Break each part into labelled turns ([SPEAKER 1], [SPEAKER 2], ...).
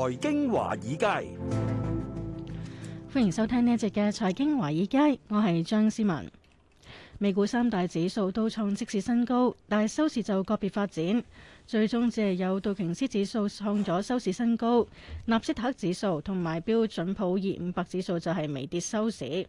[SPEAKER 1] 財經華爾街，
[SPEAKER 2] 歡迎收聽呢一集嘅財經華爾街，我係張思文。美股三大指數都創即時新高，但係收市就個別發展，最終只係有道瓊斯指數創咗收市新高，納斯達克指數同埋標準普爾五百指數就係微跌收市。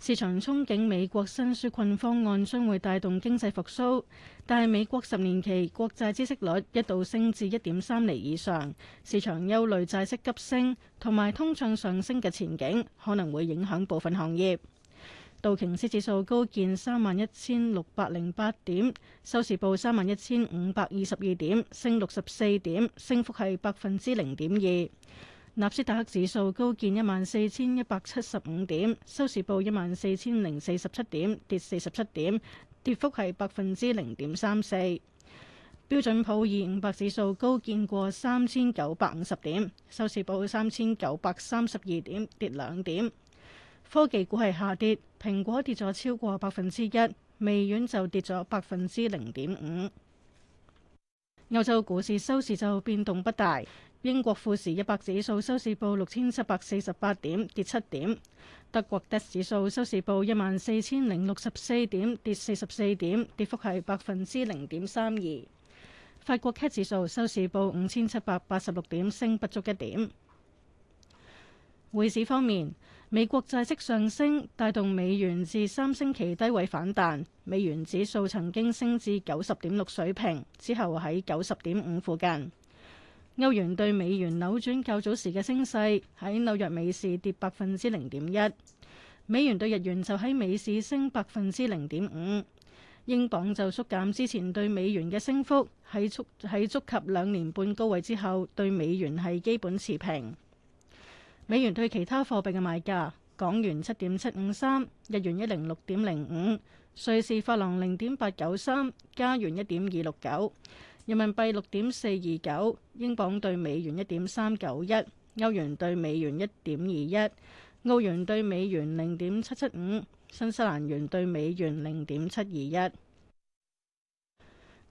[SPEAKER 2] 市場憧憬美國新紓困方案將會帶動經濟復蘇，但係美國十年期國債孳息率一度升至一點三厘以上，市場憂慮債息急升同埋通脹上升嘅前景，可能會影響部分行業。道瓊斯指數高見三萬一千六百零八點，收市報三萬一千五百二十二點，升六十四點，升幅係百分之零點二。納斯達克指數高見一萬四千一百七十五點，收市報一萬四千零四十七點，跌四十七點，跌幅係百分之零點三四。標準普爾五百指數高見過三千九百五十點，收市報三千九百三十二點，跌兩點。科技股係下跌，蘋果跌咗超過百分之一，微軟就跌咗百分之零點五。歐洲股市收市就變動不大。英國富時一百指數收市報六千七百四十八點，跌七點；德國 DAX 指數收市報一萬四千零六十四點，跌四十四點，跌幅係百分之零點三二；法國 CAC 指數收市報五千七百八十六點，升不足一點。匯市方面，美國債息上升帶動美元至三星期低位反彈，美元指數曾經升至九十點六水平，之後喺九十點五附近。歐元對美元扭轉較早時嘅升勢，喺紐約美市跌百分之零點一；美元對日元就喺美市升百分之零點五；英鎊就縮減之前對美元嘅升幅，喺觸喺觸及兩年半高位之後，對美元係基本持平。美元對其他貨幣嘅賣價：港元七點七五三，日元一零六點零五，瑞士法郎零點八九三，加元一點二六九。人民幣六點四二九，英鎊對美元一點三九一，歐元對美元一點二一，澳元對美元零點七七五，新西蘭元對美元零點七二一。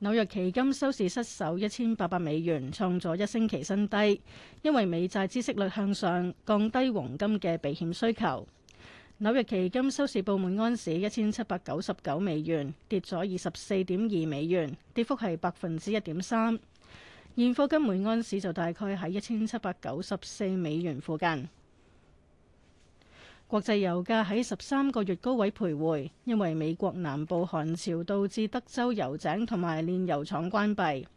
[SPEAKER 2] 紐約期金收市失守一千八百美元，創咗一星期新低，因為美債孳息率向上，降低黃金嘅避險需求。紐約期金收市報每安士一千七百九十九美元，跌咗二十四點二美元，跌幅係百分之一點三。現貨金每安士就大概喺一千七百九十四美元附近。國際油價喺十三個月高位徘徊，因為美國南部寒潮導致德州油井同埋煉油廠關閉。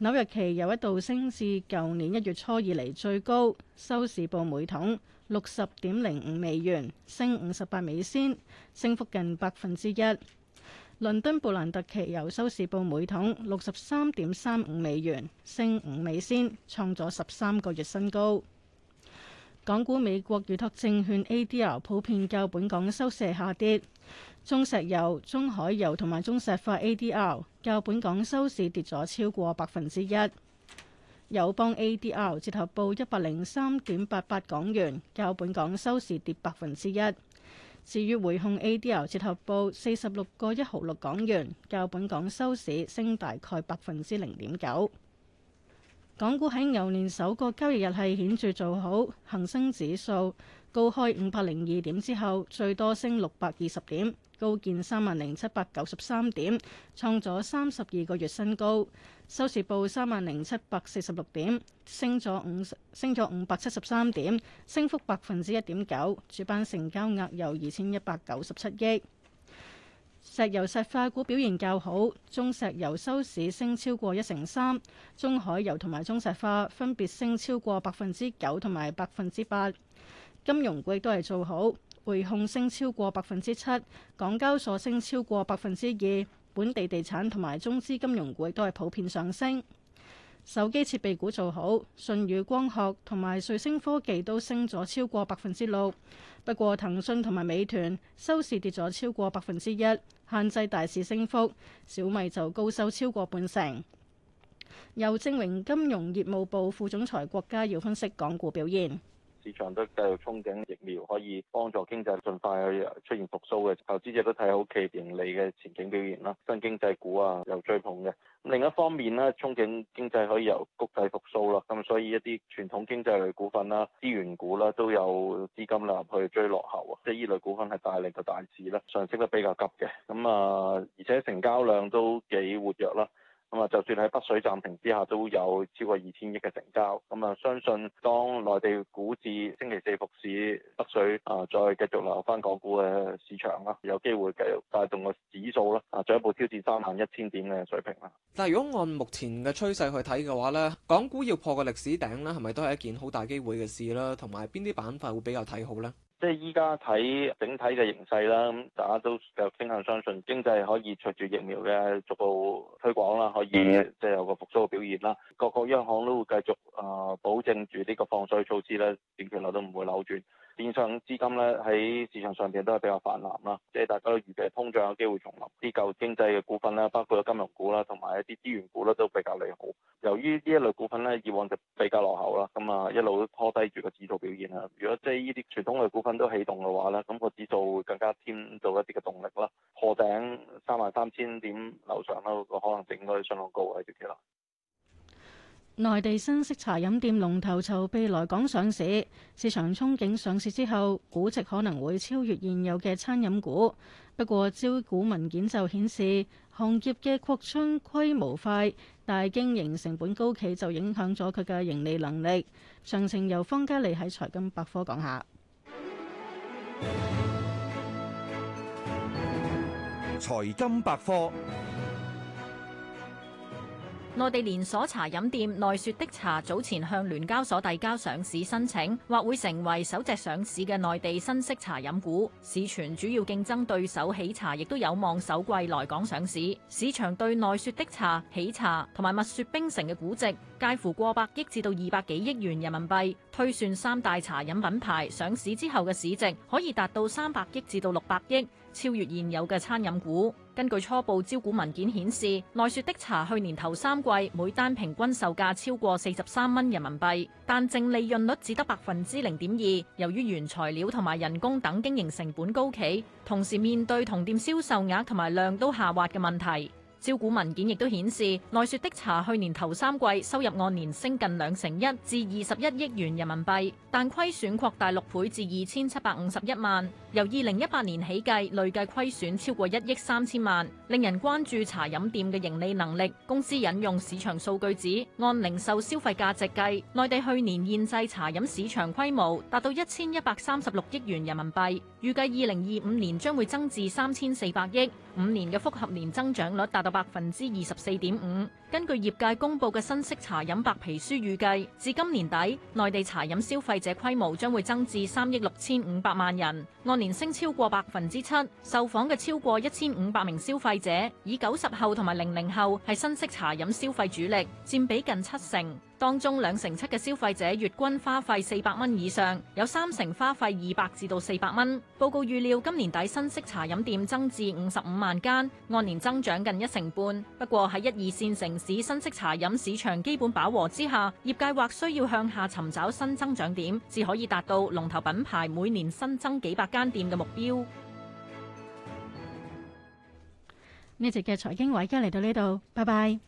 [SPEAKER 2] 紐約期油一度升至舊年一月初以嚟最高，收市報每桶六十點零五美元，升五十八美仙，升幅近百分之一。倫敦布蘭特期油收市報每桶六十三點三五美元，升五美仙，創咗十三個月新高。港股美國預託證券 ADR 普遍較本港收市下跌。中石油、中海油同埋中石化 A.D.R. 較本港收市跌咗超過百分之一。友邦 A.D.R. 折合報一百零三點八八港元，較本港收市跌百分之一。至於匯控 A.D.R. 折合報四十六個一毫六港元，較本港收市升大概百分之零點九。港股喺牛年首個交易日係顯著做好，恒生指數高開五百零二點之後最多升六百二十點。高見三萬零七百九十三點，創咗三十二個月新高。收市報三萬零七百四十六點，升咗五升咗五百七十三點，升幅百分之一點九。主板成交額有二千一百九十七億。石油石化股表現較好，中石油收市升超過一成三，中海油同埋中石化分別升超過百分之九同埋百分之八。金融股亦都係做好。匯控升超過百分之七，港交所升超過百分之二，本地地產同埋中資金融股都係普遍上升。手機設備股做好，舜宇光學同埋瑞聲科技都升咗超過百分之六。不過騰訊同埋美團收市跌咗超過百分之一，限制大市升幅。小米就高收超過半成。由正榮金融業務部副總裁郭家耀分析港股表現。
[SPEAKER 1] 市場都繼續憧憬疫苗可以幫助經濟盡快去出現復甦嘅，投資者都睇好其盈利嘅前景表現啦。新經濟股啊，又追捧嘅。另一方面咧，憧憬經濟可以由谷底復甦啦，咁所以一啲傳統經濟類股份啦、資源股啦，都有資金流入去追落後啊。即係呢類股份係帶嚟個大市啦，上升得比較急嘅。咁啊，而且成交量都幾活躍啦。咁啊，就算喺北水暫停之下，都有超過二千億嘅成交。咁啊，相信當內地股市星期四復市，北水啊、呃、再繼續流入翻港股嘅市場啦，有機會繼續帶動個指數啦，啊進一步挑戰三萬一千點嘅水平啦。但係如果按目前嘅趨勢去睇嘅話咧，港股要破個歷史頂咧，係咪都係一件好大機會嘅事咧？同埋邊啲板塊會比較睇好咧？即係依家睇整體嘅形勢啦，大家都繼續傾向相信經濟可以隨住疫苗嘅逐步推廣啦，可以即係有個復甦嘅表現啦。各個央行都會繼續啊，保證住呢個放水措施咧，短期內都唔會扭轉。線上資金咧喺市場上邊都係比較泛濫啦，即係大家都預備通脹有機會重臨。啲舊經濟嘅股份啦，包括金融股啦，同埋一啲資源股咧，都比較利好。由於呢一類股份咧，以往就
[SPEAKER 2] 地新式茶飲店龍頭籌備來港上市，市場憧憬上市之後，估值可能會超越現有嘅餐飲股。不過招股文件就顯示，行業嘅擴充規模快，但係經營成本高企就影響咗佢嘅盈利能力。詳情由方嘉利喺財金百科講下。
[SPEAKER 3] 財金百科。內地連鎖茶飲店內雪的茶早前向聯交所遞交上市申請，或會成為首隻上市嘅內地新式茶飲股。市傳主要競爭對手喜茶亦都有望首季來港上市。市場對內雪的茶、喜茶同埋蜜雪冰城嘅估值介乎過百億至到二百幾億元人民幣，推算三大茶飲品牌上市之後嘅市值可以達到三百億至到六百億，超越現有嘅餐飲股。根據初步招股文件顯示，奈雪的茶去年頭三季每單平均售價超過四十三蚊人民幣，但淨利潤率只得百分之零點二。由於原材料同埋人工等經營成本高企，同時面對同店銷售額同埋量都下滑嘅問題。招股文件亦都顯示，奈雪的茶去年頭三季收入按年升近兩成一，至二十一億元人民幣，但虧損擴大六倍至二千七百五十一萬，由二零一八年起計累計虧損超過一億三千萬，令人關注茶飲店嘅盈利能力。公司引用市場數據指，按零售消費價值計，內地去年現製茶飲市場規模達到一千一百三十六億元人民幣，預計二零二五年將會增至三千四百億，五年嘅複合年增長率達到百分之二十四點五。根據業界公布嘅新式茶飲白皮書預計，至今年底，內地茶飲消費者規模將會增至三億六千五百萬人，按年升超過百分之七。受訪嘅超過一千五百名消費者，以九十後同埋零零後係新式茶飲消費主力，占比近七成。當中兩成七嘅消費者月均花費四百蚊以上，有三成花費二百至到四百蚊。報告預料今年底新式茶飲店增至五十五萬間，按年增長近一成半。不過喺一二線城市新式茶飲市場基本飽和之下，業界或需要向下尋找新增長點，至可以達到龍頭品牌每年新增幾百間店嘅目標。
[SPEAKER 2] 呢節嘅財經匯家嚟到呢度，拜拜。